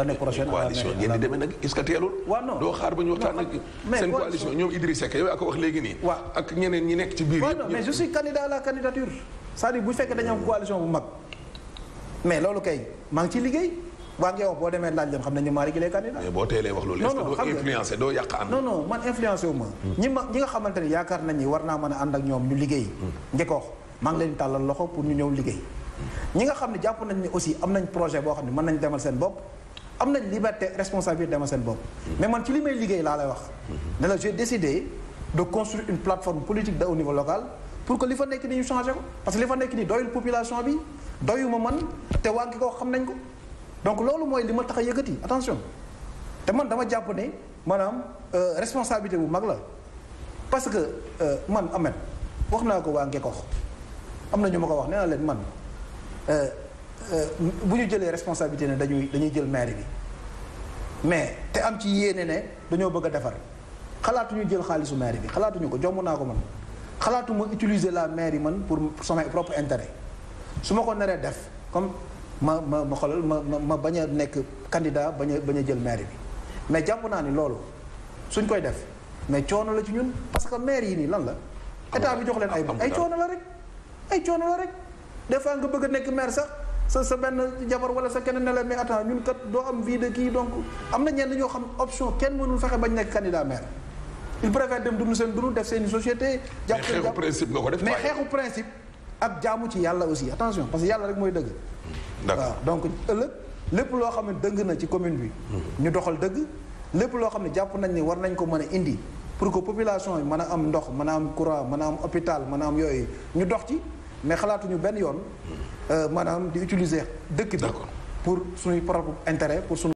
l'année prochaine coalition ngeen di demee nag est que teelul waaw non doo xaar ba ñu waxtaan nag seen coalition ñoom Idrissa yow yaa ko wax léegi nii waaw ak ñeneen ñi nekk ci biir mais je suis candidat à la ciy liggéey waa ngi wax boo demee laaj xam ne ñu maa réglé candidat mais boo teelee man influencé wu ñi ma ñi nga xamante ne yaakaar nañ ni war naa mën a ànd ak ñoom ñu liggéey njëkk wax maa ngi leen tàllal loxo pour ñu ñëw liggéey ñi nga xam ne jàpp nañ ni aussi am nañ projet boo xam ne mën nañ demal seen bopp am nañ liberté responsabilité dama seen bopp. mais man ci li may liggéey laa lay wax. ne la j'ai décidé de construire une plateforme politique de au niveau local pour que li fa nekk nii ñu changé ko parce que li fa nekk ni doyul population bi doyu ma man te wànq koo xam nañ ko donc loolu mooy li ma tax a yëkkati attention te man dama jàpp ne maanaam euh, responsabilité bu mag la parce que euh, man Ameth wax naa ko waa Ngekox am na ñu ma ko wax nee naa leen man. Euh, Euh, bu ñu jëlee responsabilité ne dañuy dañuy jël mair bi mais te am ci yéene ne dañoo bëgg a defar xalaatuñu jël xaalisu mairie bi xalaatuñu ko jomb naa ko man xalaatuma utiliser la mairie man pour sama propre intérêt su ma ko naree def comme ma ma ma xoolal ma ma ma bañ a nekk candidat bañ bañ jël mairie bi mais jàpp naa ni loolu suñ koy def mais coono la ci ñun parce que maire yi nii lan la. état bi jox leen ay ay coono la rek ay coono rek des fois nga bëgg a nekk maire sax. sa sa benn jabar wala sa keneen ne la mais attends ñun kat doo am vie de kii donc am na ñenn ñoo xam option kenn mënul fexe bañ nekk candidat maire. il préfère dem dund seen dund def seen société. jàpp seen jàpp def mais xeexu principe ak jaamu ci yàlla aussi attention parce que yàlla mooy dëgg. Hmm, d'accord donc ëllëg lépp loo xam ne na ci commune bi. Hmm. ñu doxal dëgg. lépp loo xam ne jàpp nañ ni war nañ ko mën a indi pour que population yi mën a am ndox mën a am courant mën a am hôpital mën a am yooyu ñu dox ci mais xalaatuñu benn yoon. Euh, maanaam di utiliser dëkk bi pour suñuy propre intérêt pour suñu